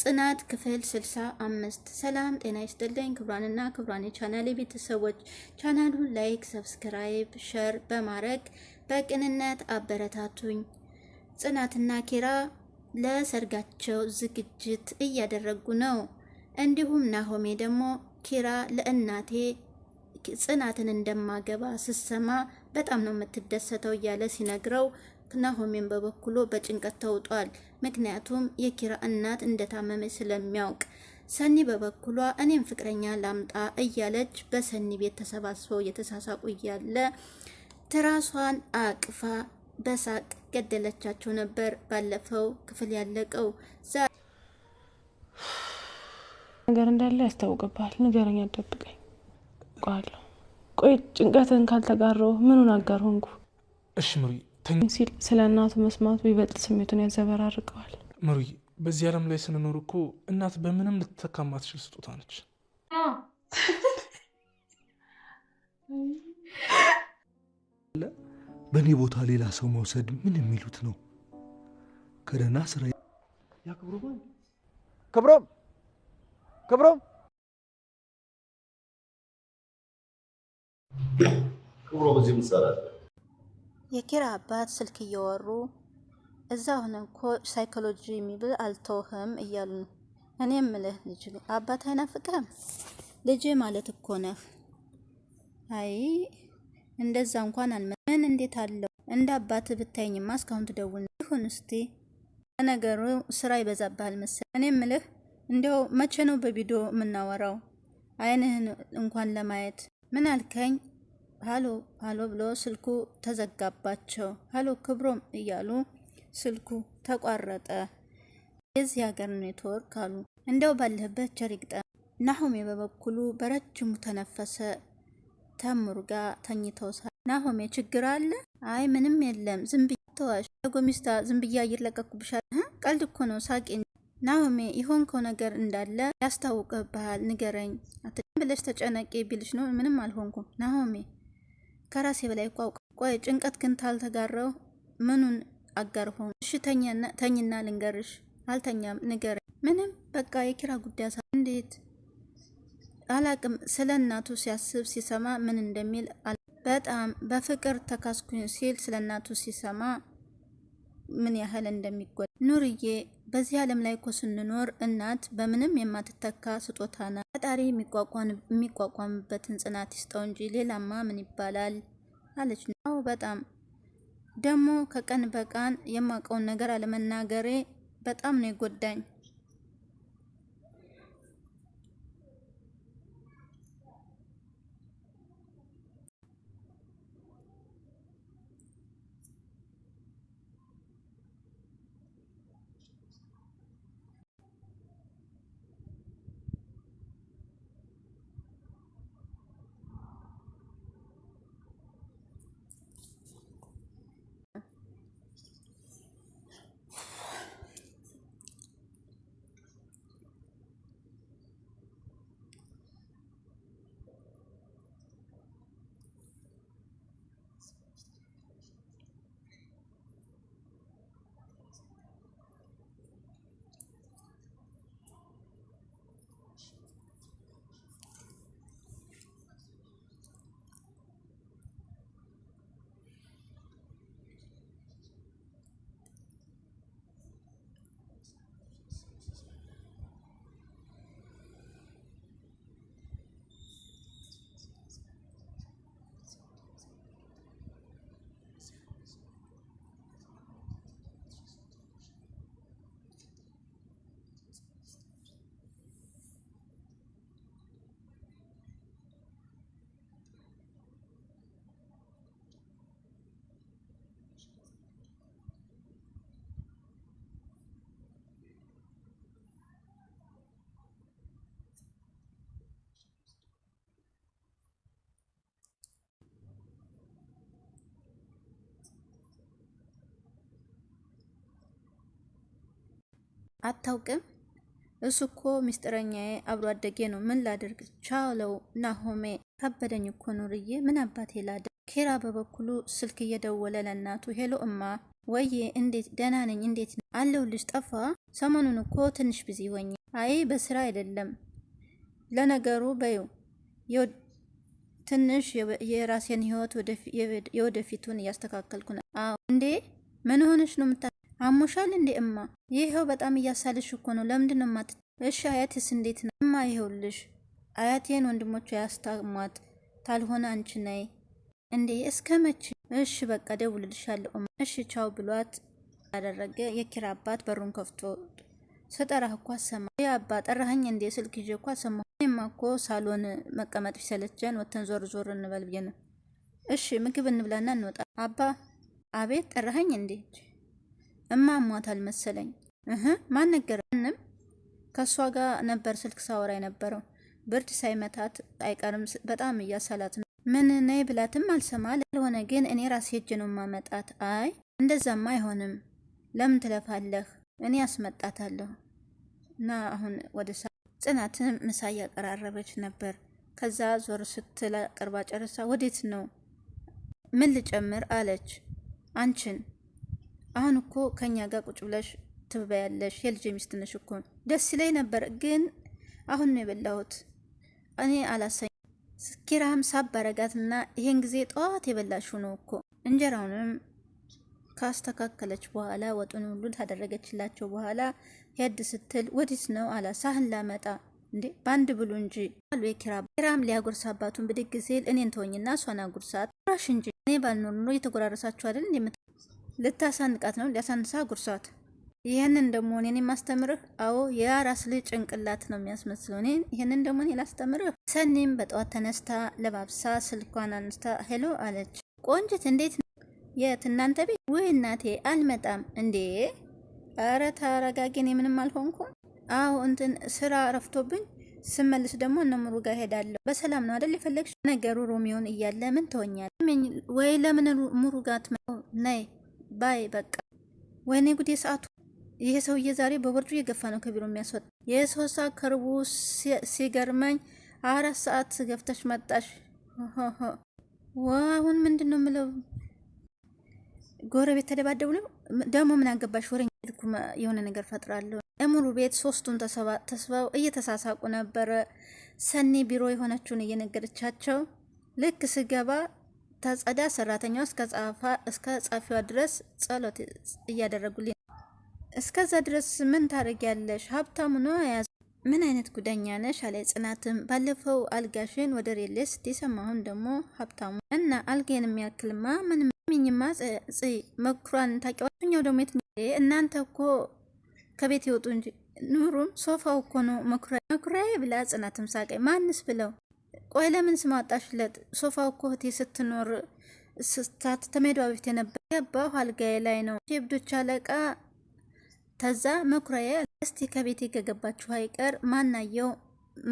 ጽናት ክፍል ስልሳ አምስት ሰላም ጤና ይስጥልኝ። ክብሯንና ክብሯን ቻናል የቤተሰቦች ቻናሉን ላይክ፣ ሰብስክራይብ፣ ሸር በማድረግ በቅንነት አበረታቱኝ። ጽናትና ኪራ ለሰርጋቸው ዝግጅት እያደረጉ ነው። እንዲሁም ናሆሜ ደግሞ ኪራ ለእናቴ ጽናትን እንደማገባ ስሰማ በጣም ነው የምትደሰተው እያለ ሲነግረው ናሆሜን በበኩሉ በጭንቀት ተውጧል። ምክንያቱም የኪራ እናት እንደታመመች ስለሚያውቅ። ሰኒ በበኩሏ እኔም ፍቅረኛ ላምጣ እያለች በሰኒ ቤት ተሰባስበው እየተሳሳቁ እያለ ትራሷን አቅፋ በሳቅ ገደለቻቸው ነበር። ባለፈው ክፍል ያለቀው ነገር እንዳለ ያስታውቅብሃል። ንገረኝ፣ አደብቀኝ ቋለሁ። ቆይ ጭንቀትን ካልተጋረው ምኑን አጋር ሆንኩ? እሺ ምሪ ሲል ስለ እናቱ መስማቱ ይበልጥ ስሜቱን ያዘበራርቀዋል። ምሩዬ፣ በዚህ ዓለም ላይ ስንኖር እኮ እናት በምንም ልትተካ ማትችል ስጦታ ነች። በእኔ ቦታ ሌላ ሰው መውሰድ ምን የሚሉት ነው? ከደህና ስራ ክብሮም ክብሮም ክብሮ በዚህ ምሰራለ የኪራ አባት ስልክ እየወሩ እዛ ሁነ እኮ ሳይኮሎጂ የሚብል አልተውህም እያሉ ነው። እኔ ምልህ ልጅ አባት አይናፍቅህም? ልጅ ማለት እኮ ነህ። አይ እንደዛ እንኳን አልመን። እንዴት አለው እንደ አባት ብታይኝማ እስካሁን ትደውል ይሁን እስቲ ነገሩ ስራ ይበዛብሃል መሰለኝ። እኔ ምልህ እንዲያው መቼ ነው በቪዲዮ የምናወራው? አይንህን እንኳን ለማየት ምን አልከኝ? ሀሎ ሀሎ ብሎ ስልኩ ተዘጋባቸው። ሀሎ ክብሮም እያሉ ስልኩ ተቋረጠ። የዚህ ሀገር ኔትወርክ አሉ። እንደው ባለህበት ቸሪግጠ ናሆሜ በበኩሉ በረጅሙ ተነፈሰ። ተምሩ ጋ ተኝተው ሳ ናሆሜ ችግር አለ? አይ ምንም የለም ዝም ብዬ ተዋሽ ጎሚስታ ዝም ብዬ አየር ለቀኩብሻል። ቀልድ እኮ ነው ሳቂ። ናሆሜ የሆንከው ነገር እንዳለ ያስታውቅብሃል፣ ንገረኝ። ብለሽ ተጨነቄ ቢልሽ ነው ምንም አልሆንኩም ናሆሜ ከራሴ በላይ እኮ አውቀ ቆይ ጭንቀት ግን ታልተጋረው ምኑን አጋር እሺ ተኝና ልንገርሽ። አልተኛም፣ ንገር። ምንም በቃ የኪራ ጉዳይ እንዴት አላቅም። ስለ እናቱ ሲያስብ ሲሰማ ምን እንደሚል በጣም በፍቅር ተካስኩኝ ሲል ስለ እናቱ ሲሰማ ምን ያህል እንደሚጎዳ ኑርዬ በዚህ ዓለም ላይ እኮ ስንኖር እናት በምንም የማትተካ ስጦታ ናት። ፈጣሪ የሚቋቋምበትን ጽናት ይስጠው እንጂ ሌላማ ምን ይባላል አለች። አዎ በጣም ደግሞ ከቀን በቀን የማውቀውን ነገር አለመናገሬ በጣም ነው የጎዳኝ። አታውቅም? እሱ እኮ ሚስጥረኛዬ አብሮ አደጌ ነው። ምን ላድርግ? ቻለው? ናሆሜ ከበደኝ እኮ ኑርዬ፣ ምን አባቴ ላደርግ። ኬራ በበኩሉ ስልክ እየደወለ ለእናቱ ሄሎ እማ፣ ወዬ፣ እንዴት ደህና ነኝ፣ እንዴት ነው ልጅ ጠፋ? ሰሞኑን እኮ ትንሽ ቢዚ ወኝ። አይ በስራ አይደለም። ለነገሩ በዩ ትንሽ የራሴን ህይወት የወደፊቱን እያስተካከልኩ ነው። አዎ እንዴ፣ ምን ሆነሽ ነው ምታ አሞሻል እንዴ እማ? ይኸው በጣም እያሳልሽ እኮ ነው። ለምንድን ነው ማት? እሺ አያት እንዴት ነው እማ? ይኸውልሽ አያቴን ወንድሞቿ ያስታማት ታልሆነ አንቺ ነይ እንዴ እስከ መቼ? እሺ በቃ ደውልልሻለሁ እማ። እሺ ቻው ብሏት ያደረገ የኪራ አባት በሩን ከፍቶ ስጠራህ እኮ አሰማ አባ ጠራኸኝ እንዴ? ስልክ ይዤ እኮ አሰማ። እኔማ እኮ ሳሎን መቀመጥ ሰለቸን፣ ወተን ዞር ዞር እንበል ብዬ ነው። እሺ ምግብ እንብላና እንወጣ። አባ አቤት ጠራኸኝ እንዴ? እማሟታል መሰለኝ። እህ ማን ነገር ምንም ከእሷ ጋር ነበር ስልክ ሳወራ የነበረው። ብርድ ሳይመታት አይቀርም። በጣም እያሳላት ነው። ምን ነይ ብላትም አልሰማ ለሆነ ግን እኔ ራሴ ሄጄ ነው ማመጣት። አይ እንደዛማ አይሆንም። ለምን ትለፋለህ? እኔ አስመጣታለሁ። እና አሁን ወደ ሳ ጽናትን ምሳ እያቀራረበች ነበር። ከዛ ዞር ስትል ቅርባ ጨርሳ ወዴት ነው ምን ልጨምር አለች። አንቺን አሁን እኮ ከኛ ጋር ቁጭ ብለሽ ትበያለሽ፣ የልጅ ሚስት ነሽ እኮ ደስ ይለኝ ነበር፣ ግን አሁን ነው የበላሁት እኔ አላሰኝ። ኪራም ሳብ ባረጋትና ይሄን ጊዜ ጠዋት የበላሽው ነው እኮ። እንጀራውንም ካስተካከለች በኋላ ወጡን ሁሉ ታደረገችላቸው በኋላ ሄድ ስትል ወዲስ ነው አላ ሳህን ላመጣ እንዴ በአንድ ብሉ እንጂ አሉ የኪራ ኪራም ሊያጎርስ አባቱን ብድግ ሲል እኔን ተወኝና እሷን አጉርሳት ራሽ እንጂ እኔ ባልኖር ኖ እየተጎራረሳችሁ አይደል ልታሳንቃት ነው፣ ሊያሳንሳ ጉርሷት። ይህንን ደግሞ እኔን የማስተምርህ አዎ፣ የራስ ልጅ ጭንቅላት ነው የሚያስመስለው። እኔ ይህንን ደግሞ እኔ ላስተምርህ። ሰኒም በጠዋት ተነስታ ለባብሳ ስልኳን አንስታ ሄሎ አለች። ቆንጅት እንዴት የት እናንተ ቤት? ውይ እናቴ አልመጣም እንዴ? አረ ተረጋጊ፣ እኔ ምንም አልሆንኩም። አዎ እንትን ስራ ረፍቶብኝ ስመልስ ደግሞ እነምሩ ጋር ሄዳለሁ። በሰላም ነው አደል የፈለግሽ? ነገሩ ሮሚዮን እያለ ምን ትሆኛል ወይ? ለምን ሙሩ ጋር ነይ ባይ በቃ ወይኔ ጉድ የሰዓቱ ይሄ ሰውዬ ዛሬ በቦርዱ እየገፋ ነው ከቢሮ የሚያስወጣ። ሰው ሳ ከርቡ ሲገርመኝ አራት ሰዓት ገፍተሽ መጣሽ። አሁን ምንድን ነው የምለው? ጎረቤት ተደባደቡ ነው ደግሞ ምን አገባሽ? ወሬ የሆነ ነገር ፈጥራለሁ። ሙሉ ቤት ሶስቱን ተስበው እየተሳሳቁ ነበረ። ሰኒ ቢሮ የሆነችውን እየነገረቻቸው ልክ ስገባ ስታጸዳ ሰራተኛው እስከ ጻፊዋ ድረስ ጸሎት እያደረጉልኝ እስከዛ ድረስ ምን ታደርጊያለሽ? ሀብታሙ ነው ያዘ። ምን አይነት ጉደኛ ነሽ አለ ጽናትም። ባለፈው አልጋሽን ወደ ሬሌ ስትሰማ አሁን ደግሞ ሀብታሙ እና አልጌን የሚያክልማ ምንም ሚኝማ ጽ መኩራን ታቂዋኛው ደግሞ የት እናንተ እኮ ከቤት ይወጡ እንጂ ኑሩም ሶፋው እኮ ነው መኩሪያ መኩሪያ ብላ ጽናትም ሳቀ። ማንስ ብለው ቆይ ለምን ስም አጣሽለት ሶፋው እኮ እህቴ ስትኖር ሳትተመዷ ቤት የነበረ ያባሁ አልጋዬ ላይ ነው። የብዶች አለቃ ተዛ መኩሪያ እስቲ ከቤቴ ከገባችሁ አይቀር ማናየው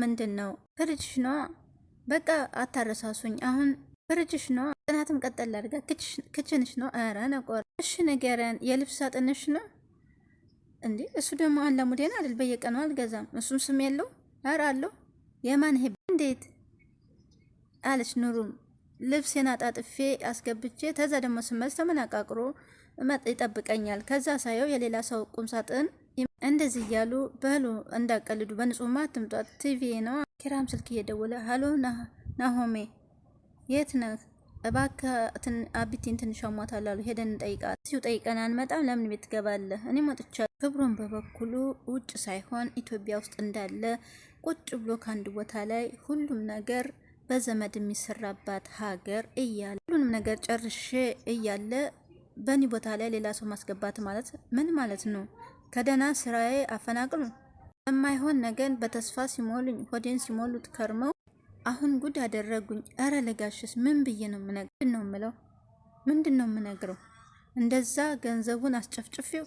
ምንድን ነው ፍርጅሽ በቃ አታረሳሱኝ። አሁን ፍርጅሽ ነዋ። ጥናትም ቀጠል አድርጋ ክችንሽ ነው። ኧረ ነቆር እሺ ንገረን። የልብስ ሳጥንሽ ነው እንዴ? እሱ ደግሞ አለሙዴን አይደል? በየቀኑ አልገዛም። እሱም ስም የለው? ኧረ አለው። የማን ሄብ እንዴት አለች ኑሩም ልብሴን አጣጥፌ አስገብቼ ተዛ ደግሞ ስመልስ ተመናቃቅሮ ይጠብቀኛል። ከዛ ሳየው የሌላ ሰው ቁምሳጥን እንደዚህ እያሉ በህሉ እንዳቀልዱ በንጹህማ ትምጧት ቲቪ ነው። ኪራም ስልክ እየደወለ ሀሎ ናሆሜ የት ነህ? እባክህ አቢቲን ትንሽ አሟታል አሉ። ሄደን እንጠይቃለን። እዚሁ ጠይቀን አንመጣም? ለምን ቤት ትገባለህ? እኔ ወጥቻለሁ። ክብሩን በበኩሉ ውጭ ሳይሆን ኢትዮጵያ ውስጥ እንዳለ ቁጭ ብሎ ከአንድ ቦታ ላይ ሁሉም ነገር በዘመድ የሚሰራባት ሀገር እያለ ሁሉንም ነገር ጨርሼ እያለ በእኔ ቦታ ላይ ሌላ ሰው ማስገባት ማለት ምን ማለት ነው? ከደህና ስራዬ አፈናቅሉ የማይሆን ነገር በተስፋ ሲሞሉኝ ሆዴን ሲሞሉት ከርመው አሁን ጉድ አደረጉኝ። እረ ለጋሽስ ምን ብዬ ነው ነው ምለው ምንድን ነው የምነግረው? እንደዛ ገንዘቡን አስጨፍጭፊው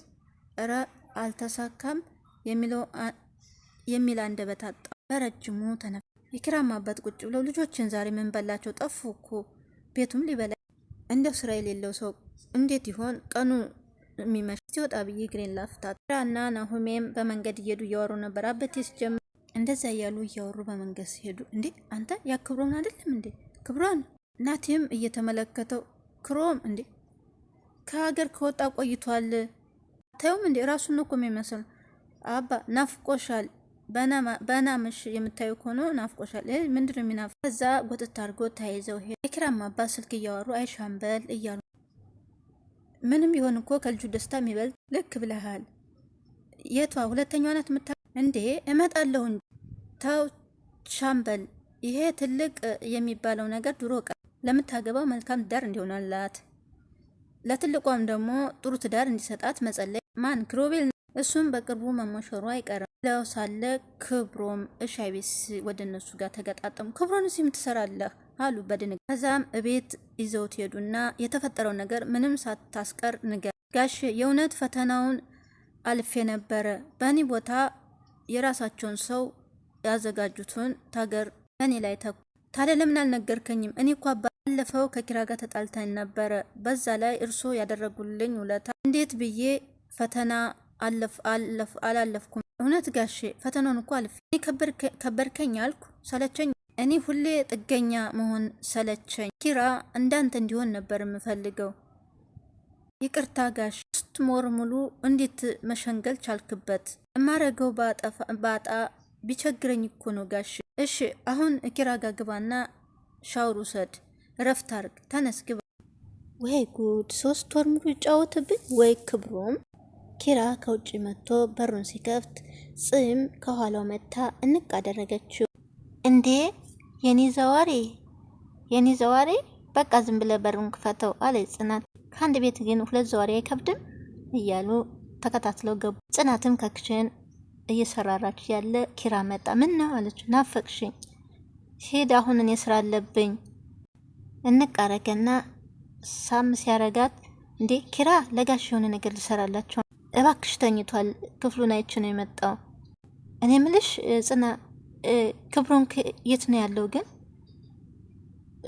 እረ አልተሳካም የሚለው የሚል አንደበት አጣ። በረጅሙ ተነ የኪራም አባት ቁጭ ብለው ልጆችን ዛሬ ምን በላቸው ጠፉ እኮ ቤቱም ሊበላ እንደው ስራ የሌለው ሰው እንዴት ይሆን ቀኑ የሚመሽ ሲወጣ ብዬ ግሬን ላፍታ ኪራና ናሁሜም በመንገድ እየሄዱ እያወሩ ነበር። አበቴ ሲጀምር እንደዛ እያሉ እያወሩ በመንገድ ሲሄዱ እንዴ አንተ ያ ክብሮን አይደለም እንዴ ክብሮም ናቲም እየተመለከተው ክሮም እንዴ ከሀገር ከወጣ ቆይቷል። ታዩም እንዴ ራሱን እኮ የሚመስል አባ ናፍቆሻል በናምሽ የምታዩ ከሆነ ናፍቆሻል። ምንድን ነው የሚናፍ ከዛ ጎጥታ አድርጎ ተያይዘው ሄ የኪራም አባት ስልክ እያወሩ አይሻምበል እያሉ ምንም ይሆን እኮ ከልጁ ደስታ የሚበልጥ ልክ ብለሃል። የቷ ሁለተኛዋ ናት ምታ እንዴ እመጣለሁ እንጂ ተው ሻምበል። ይሄ ትልቅ የሚባለው ነገር ድሮ ቃ ለምታገባው መልካም ትዳር እንዲሆናላት ለትልቋም ደግሞ ጥሩ ትዳር እንዲሰጣት መጸለይ ማን ክሮቤል እሱም በቅርቡ መሞሸሩ አይቀርም ለው ሳለ ክብሮም እሻይ ቤት ወደ እነሱ ጋር ተገጣጠሙ። ክብሮን ሲም ትሰራለህ አሉ በድንግ ከዛም እቤት ይዘውት ሄዱና የተፈጠረው ነገር ምንም ሳታስቀር ንገር ጋሽ የእውነት ፈተናውን አልፌ ነበረ። በእኔ ቦታ የራሳቸውን ሰው ያዘጋጁትን ታገር በእኔ ላይ ተ ታዲያ ለምን አልነገርከኝም? እኔ እኳ ባለፈው ከኪራ ጋር ተጣልተን ነበረ። በዛ ላይ እርሶ ያደረጉልኝ ውለታ እንዴት ብዬ ፈተና አላለፍኩም። እውነት ጋሼ ፈተናውን እኮ አልፍ። እኔ ከበርከኝ አልኩ ሰለቸኝ። እኔ ሁሌ ጥገኛ መሆን ሰለቸኝ። ኪራ እንዳንተ እንዲሆን ነበር የምፈልገው። ይቅርታ ጋሽ ሶስት ሞር ሙሉ እንዴት መሸንገል ቻልክበት? እማረገው ባጣ ቢቸግረኝ እኮ ነው ጋሽ። እሺ አሁን ኪራ ጋ ግባና ሻውር ውሰድ፣ እረፍት አርግ፣ ተነስ ግባ። ወይ ጉድ! ሶስት ወር ሙሉ ይጫወትብኝ ወይ ክብሮም ኪራ ከውጭ መጥቶ በሩን ሲከፍት ጽም ከኋላው መታ እንቅ አደረገችው። እንዴ የኔ ዘዋሪ የኔ ዘዋሪ በቃ ዝም ብለህ በሩን ክፈተው አለ ጽናት። ከአንድ ቤት ግን ሁለት ዘዋሪ አይከብድም እያሉ ተከታትለው ገቡ። ጽናትም ከክችን እየሰራራች ያለ ኪራ መጣ። ምን ነው አለችው። ናፈቅሽኝ፣ ሂድ አሁን እኔ ስራ አለብኝ። እንቃረገና ሳም ሲያረጋት እንዴ ኪራ ለጋሽ የሆነ ነገር ልሰራላቸው እባክሽ ተኝቷል፣ ክፍሉን አይቼ ነው የመጣው። እኔ ምልሽ ጽና፣ ክብሮን የት ነው ያለው? ግን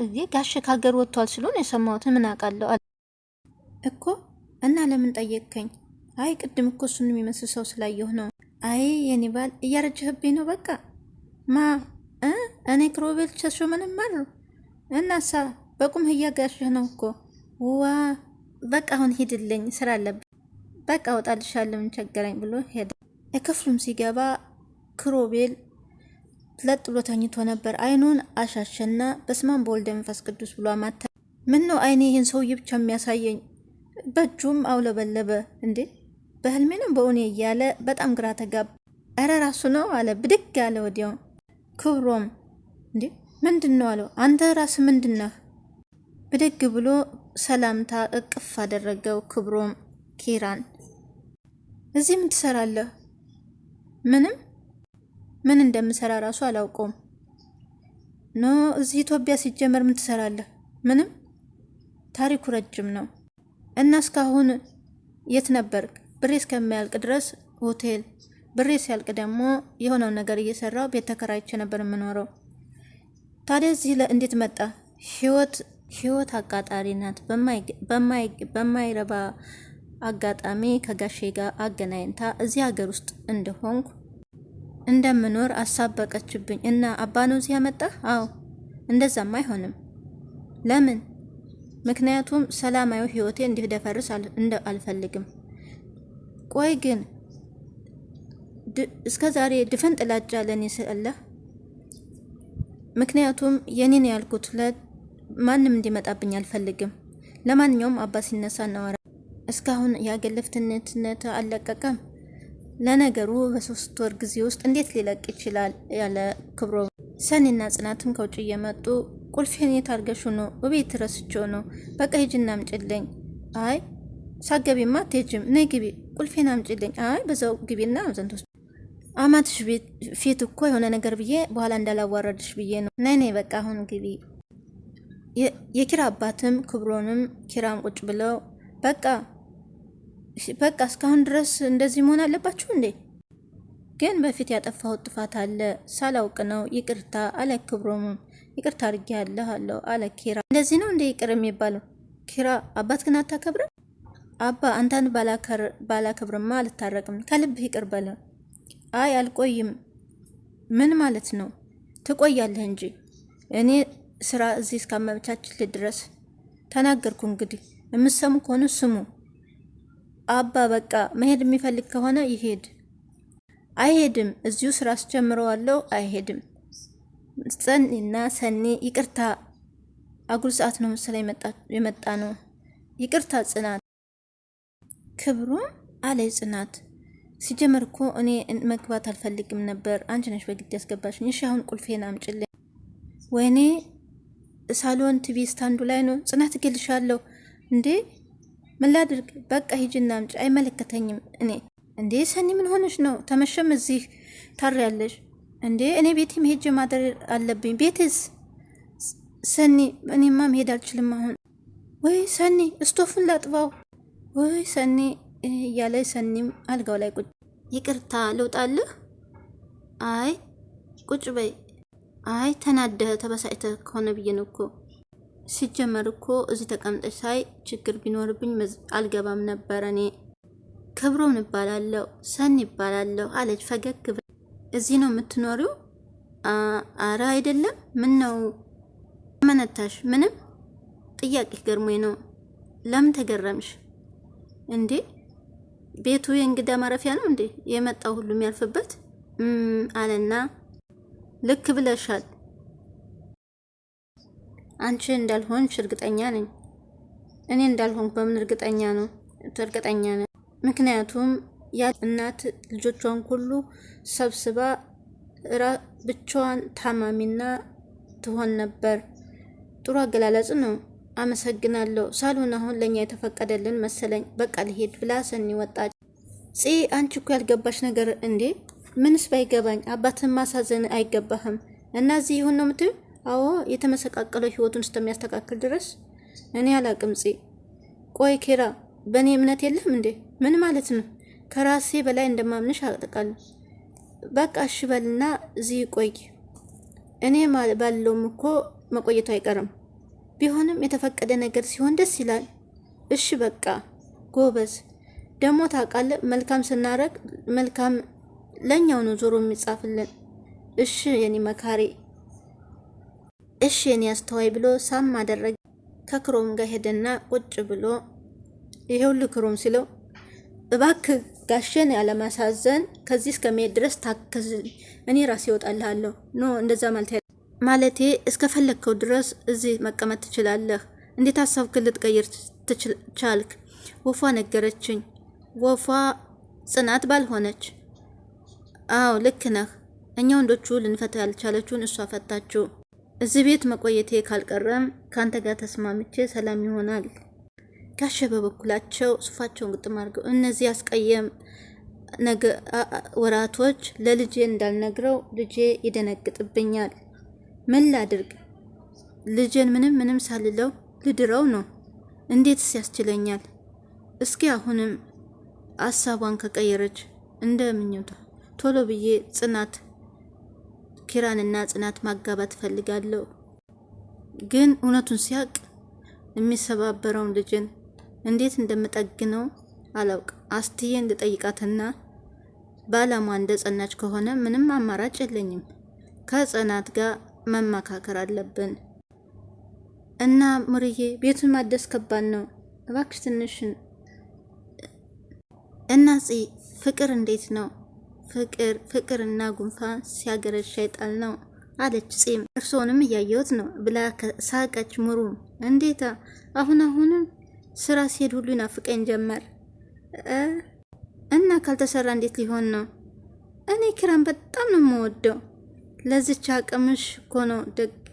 እዚህ ጋሽ ከሀገር ወጥቷል ነው የሰማሁትን። ምን አውቃለሁ እኮ። እና ለምን ጠየቅከኝ? አይ ቅድም እኮ እሱን የሚመስል ሰው ስላየሁ ነው። አይ የኔ ባል እያረጀህብኝ ነው። በቃ ማ እኔ ክሮቤል ቸሾ ምንም አሉ እናሳ በቁምህ እያጋሽህ ነው እኮ ዋ በቃ አሁን ሂድልኝ፣ ስራ አለብ በቃ እወጣልሻለሁ ምን ቸገረኝ ብሎ ሄደ። የክፍሉም ሲገባ ክሮቤል ለጥ ብሎ ተኝቶ ነበር። አይኑን አሻሸና በስማን በወልደ መንፈስ ቅዱስ ብሎ አማታ። ምን ነው አይኔ ይህን ሰውዬ ብቻ የሚያሳየኝ? በእጁም አውለበለበ። እንዴ በህልሜንም በእውኔ እያለ በጣም ግራ ተጋባ። እረ ራሱ ነው አለ። ብድግ አለ ወዲያው። ክብሮም እንዴ ምንድን ነው አለው። አንተ ራስ ምንድን ነህ? ብድግ ብሎ ሰላምታ እቅፍ አደረገው ክብሮም ኪራን እዚህ ምን ትሰራለህ? ምንም ምን እንደምሰራ እራሱ አላውቀውም። ኖ እዚህ ኢትዮጵያ ሲጀመር ምን ትሰራለህ? ምንም። ታሪኩ ረጅም ነው እና እስካሁን የት ነበርክ? ብሬ እስከሚያልቅ ድረስ ሆቴል፣ ብሬ ሲያልቅ ደግሞ የሆነው ነገር እየሰራው ቤት ተከራይቼ ነበር የምኖረው። ታዲያ እዚህ እንዴት መጣ? ህይወት ህይወት አቃጣሪ ናት። በማይረባ አጋጣሚ ከጋሼ ጋር አገናኝታ እዚህ ሀገር ውስጥ እንደሆንኩ እንደምኖር አሳበቀችብኝ እና አባ ነው እዚህ ያመጣ አዎ። እንደዛም አይሆንም። ለምን? ምክንያቱም ሰላማዊ ህይወቴ እንዲደፈርስ አልፈልግም። ቆይ ግን እስከ ዛሬ ድፍን ጥላጫ ለእኔ ስለ ምክንያቱም የኔን ያልኩት ማንም እንዲመጣብኝ አልፈልግም። ለማንኛውም አባ ሲነሳ እናወራ እስካሁን የአገልፍትነትነት አልለቀቀም። ለነገሩ በሶስት ወር ጊዜ ውስጥ እንዴት ሊለቅ ይችላል? ያለ ክብሮ ሰኔና ጽናትም ከውጭ እየመጡ ቁልፌን የት አድርገሽው ነው? እቤት ረስቼው ነው። በቃ ሂጂና አምጪልኝ። አይ ሳገቢማ አትሄጂም። ነይ ግቢ፣ ቁልፌን አምጪልኝ። አይ በዛው ግቢና አምዘንቶች አማትሽ ፊት እኮ የሆነ ነገር ብዬ በኋላ እንዳላዋረድሽ ብዬ ነው። ነይ ነይ፣ በቃ አሁን ግቢ። የኪራ አባትም ክብሮንም ኪራም ቁጭ ብለው በቃ በቃ እስካሁን ድረስ እንደዚህ መሆን አለባችሁ እንዴ? ግን በፊት ያጠፋሁት ጥፋት አለ፣ ሳላውቅ ነው ይቅርታ አለ ክብሮምም። ይቅርታ ያለህ አለው አለ ኪራ። እንደዚህ ነው እንዴ ይቅር የሚባለው? ኪራ አባት ግን አታከብርም? አባ አንተን ባላከብርማ አልታረቅም፣ ከልብህ ይቅር በለ። አይ አልቆይም። ምን ማለት ነው? ትቆያለህ እንጂ እኔ ስራ እዚህ እስካመቻችል ድረስ ተናገርኩ። እንግዲህ የምሰሙ ከሆኑ ስሙ። አባ በቃ መሄድ የሚፈልግ ከሆነ ይሄድ። አይሄድም፣ እዚሁ ስራ አስጀምረዋለሁ። አይሄድም። ጸኒና ሰኒ ይቅርታ፣ አጉል ሰዓት ነው መሰለኝ የመጣ ነው። ይቅርታ ጽናት፣ ክብሩም አለይ ጽናት፣ ሲጀመር እኮ እኔ መግባት አልፈልግም ነበር። አንቺ ነሽ በግድ ያስገባሽ። እሺ አሁን ቁልፌን አምጪልኝ። ወይኔ ሳሎን ቲቪ ስታንዱ ላይ ነው ጽናት፣ እገልሻለሁ እንዴ ምን ላድርግ? በቃ ሂጅና አምጪ፣ አይመለከተኝም። እኔ እንዴ ሰኒ፣ ምን ሆነሽ ነው? ተመሸም እዚህ ታሪያለሽ እንዴ? እኔ ቤቴም ሄጄ ማደር አለብኝ። ቤትስ ሰኒ፣ እኔማ መሄድ አልችልም አሁን። ወይ ሰኒ፣ እስቶፉን ላጥባው። ወይ ሰኒ እያለ ሰኒም አልጋው ላይ ቁጭ። ይቅርታ ልውጣልህ? አይ ቁጭ በይ። አይ ተናደህ ተበሳጭተህ ከሆነ ብዬ ነው እኮ ሲጀመር እኮ እዚህ ተቀምጠች ሳይ ችግር ቢኖርብኝ አልገባም ነበረ። እኔ ክብሮን እባላለሁ፣ ሰኒ ይባላለሁ አለች ፈገግ ብላ። እዚህ ነው የምትኖሪው? አረ አይደለም። ምን ነው መነታሽ? ምንም ጥያቄ ገርሞኝ ነው። ለምን ተገረምሽ? እንዴ ቤቱ የእንግዳ ማረፊያ ነው እንዴ? የመጣው ሁሉ የሚያርፍበት አለና ልክ ብለሻል አንቺ እንዳልሆንሽ እርግጠኛ ነኝ። እኔ እንዳልሆንኩ በምን እርግጠኛ ነው እርግጠኛ ነኝ። ምክንያቱም ያ እናት ልጆቿን ሁሉ ሰብስባ ብቻዋን ታማሚና ትሆን ነበር። ጥሩ አገላለጽ ነው። አመሰግናለሁ። ሳሎን አሁን ለእኛ የተፈቀደልን መሰለኝ። በቃ ልሄድ ብላ ሰኒ ወጣች። ጽ አንቺ እኮ ያልገባሽ ነገር እንዴ! ምንስ ባይገባኝ አባትን ማሳዘን አይገባህም እና እዚህ ይሁን ነው ምትል አዎ የተመሰቃቀለው ህይወቱን እስከሚያስተካክል ድረስ እኔ አላቅም። ጽ ቆይ ኬራ፣ በእኔ እምነት የለም እንዴ? ምን ማለት ነው? ከራሴ በላይ እንደማምንሽ አጠቃል። በቃ እሺ በልና እዚህ ቆይ። እኔ ባለውም እኮ መቆየቱ አይቀርም። ቢሆንም የተፈቀደ ነገር ሲሆን ደስ ይላል። እሺ በቃ ጎበዝ። ደግሞ ታውቃለህ፣ መልካም ስናረግ መልካም ለእኛው ነው ዞሮ የሚጻፍልን። እሺ የኔ መካሪ እሺ እኔ አስተዋይ ብሎ ሳም አደረገ። ከክሮም ጋር ሄደና ቁጭ ብሎ ይሄውል ክሮም ሲለው እባክ ጋሸን ያለማሳዘን ከዚህ እስከ እስከመሄድ ድረስ ታከዝ እኔ ራሴ እወጣልሃለሁ። ኖ እንደዛ ማለት ማለቴ እስከፈለግከው ድረስ እዚህ መቀመጥ ትችላለህ። እንዴት ሀሳብክን ልትቀይር ቻልክ? ወፏ ነገረችኝ። ወፏ ጽናት ባልሆነች። አዎ ልክ ነህ። እኛ ወንዶቹ ልንፈታ ያልቻለችውን እሷ ፈታችሁ። እዚህ ቤት መቆየቴ ካልቀረም ከአንተ ጋር ተስማምቼ ሰላም ይሆናል። ጋሸ በበኩላቸው ሱፋቸውን ግጥም አድርገው እነዚህ ያስቀየም ወራቶች ለልጄ እንዳልነግረው ልጄ ይደነግጥብኛል። ምን ላድርግ? ልጄን ምንም ምንም ሳልለው ልድረው ነው። እንዴትስ ያስችለኛል? እስኪ አሁንም አሳቧን ከቀየረች እንደምኝቷ ቶሎ ብዬ ጽናት ኪራንና ጽናት ማጋባት ፈልጋለሁ። ግን እውነቱን ሲያውቅ የሚሰባበረውን ልጅን እንዴት እንደምጠግነው አላውቅ። አስትዬ እንድጠይቃትና በአላሟ እንደጸናች ከሆነ ምንም አማራጭ የለኝም። ከጽናት ጋር መመካከር አለብን። እና ሙርዬ ቤቱን ማደስ ከባድ ነው። እባክሽ ትንሽን እና ፍቅር እንዴት ነው? ፍቅር ፍቅርና ጉንፋን ሲያገረሻ ይጣል ነው አለች ፂም። እርስዎንም እያየሁት ነው ብላ ሳቀች። ሙሩም እንዴታ! አሁን አሁንም ስራ ሲሄድ ሁሉ ይናፍቀኝ ጀመር እና ካልተሰራ እንዴት ሊሆን ነው? እኔ ኪራን በጣም ነው የምወደው። ለዚች አቅምሽ እኮ ነው ደግ።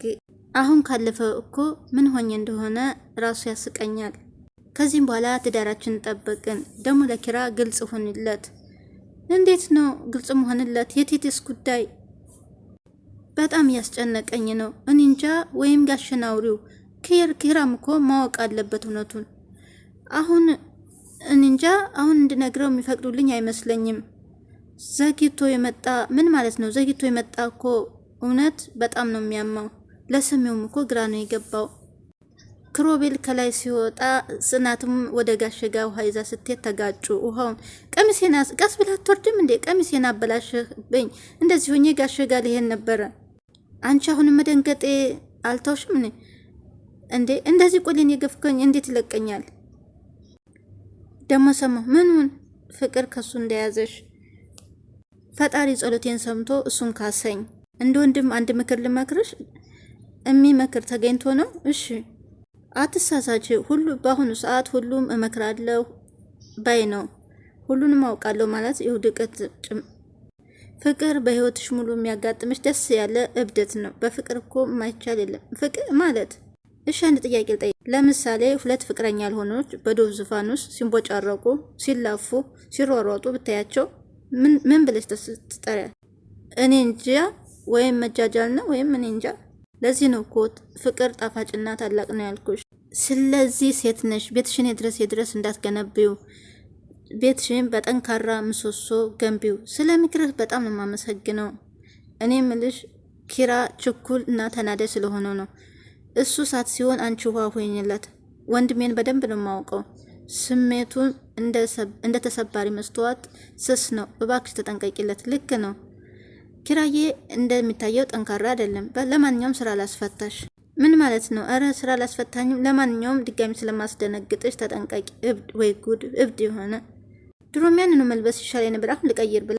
አሁን ካለፈው እኮ ምን ሆኜ እንደሆነ ራሱ ያስቀኛል። ከዚህም በኋላ ትዳራችን ጠበቅን። ደግሞ ለኪራ ግልጽ ሁንለት። እንዴት ነው ግልጽ መሆንለት? የቴቴስ ጉዳይ በጣም ያስጨነቀኝ ነው። እኔ እንጃ። ወይም ጋሸናውሪው ከየር ኪራም እኮ ማወቅ አለበት እውነቱን። አሁን እኔ እንጃ። አሁን እንድነግረው የሚፈቅዱልኝ አይመስለኝም። ዘጊቶ የመጣ ምን ማለት ነው? ዘጊቶ የመጣ እኮ እውነት በጣም ነው የሚያማው። ለሰሚውም እኮ ግራ ነው የገባው። ክሮቤል ከላይ ሲወጣ ጽናትም ወደ ጋሸጋ ውሃ ይዛ ስትሄድ ተጋጩ። ውሃውን ቀሚሴና ቀስ ብላ አትወርድም እንዴ ቀሚሴና አበላሸብኝ። እንደዚህ ሆኜ ጋሸጋ ልሄድ ነበረ። አንቺ አሁንም መደንገጤ አልተውሽም እኔ እንዴ እንደዚህ ቆሌን የገፍከኝ እንዴት ይለቀኛል? ደግሞ ሰማ ምኑን ፍቅር ከሱ እንደያዘሽ ፈጣሪ ጸሎቴን ሰምቶ እሱን ካሰኝ። እንደ ወንድም አንድ ምክር ልመክርሽ። እሚመክር ተገኝቶ ነው። እሺ አትሳሳች። ሁሉ በአሁኑ ሰዓት ሁሉም እመክራለሁ ባይ ነው። ሁሉንም አውቃለሁ ማለት ይኸው ድቀት ፍቅር በህይወትሽ ሙሉ የሚያጋጥምሽ ደስ ያለ እብደት ነው። በፍቅር እኮ ማይቻል የለም። ፍቅር ማለት እሺ፣ አንድ ጥያቄ ልጠይቅ። ለምሳሌ ሁለት ፍቅረኛ ያልሆኖች በዶብ ዙፋን ውስጥ ሲንቦጫረቁ፣ ሲላፉ፣ ሲሯሯጡ ብታያቸው ምን ብለሽ ትጠሪያለሽ? እኔ እንጃ ወይም መጃጃል ነው ወይም እኔ እንጃ። ለዚህ ነው እኮ ፍቅር ጣፋጭና ታላቅ ነው ያልኩሽ። ስለዚህ ሴት ነሽ፣ ቤትሽን የድረስ የድረስ እንዳትገነቢው ቤትሽን በጠንካራ ምሰሶ ገንቢው። ስለ ምክርህ በጣም ነው የማመሰግነው። እኔ ምልሽ ኪራ ችኩል እና ተናደ ስለሆነ ነው። እሱ ሳት ሲሆን አንቺ ውሃ ሆኝለት። ወንድሜን በደንብ ነው የማውቀው። ስሜቱን እንደ ተሰባሪ መስተዋት ስስ ነው። እባክሽ ተጠንቀቂለት። ልክ ነው ኪራዬ፣ እንደሚታየው ጠንካራ አይደለም። ለማንኛውም ስራ ላስፈታሽ ምን ማለት ነው? እረ ስራ አላስፈታኝም። ለማንኛውም ድጋሚ ስለማስደነግጥሽ ተጠንቀቂ። እብድ ወይ ጉድ! እብድ የሆነ ድሮም ያንኑ መልበስ ይሻል የነበር አሁን ልቀይር ብላ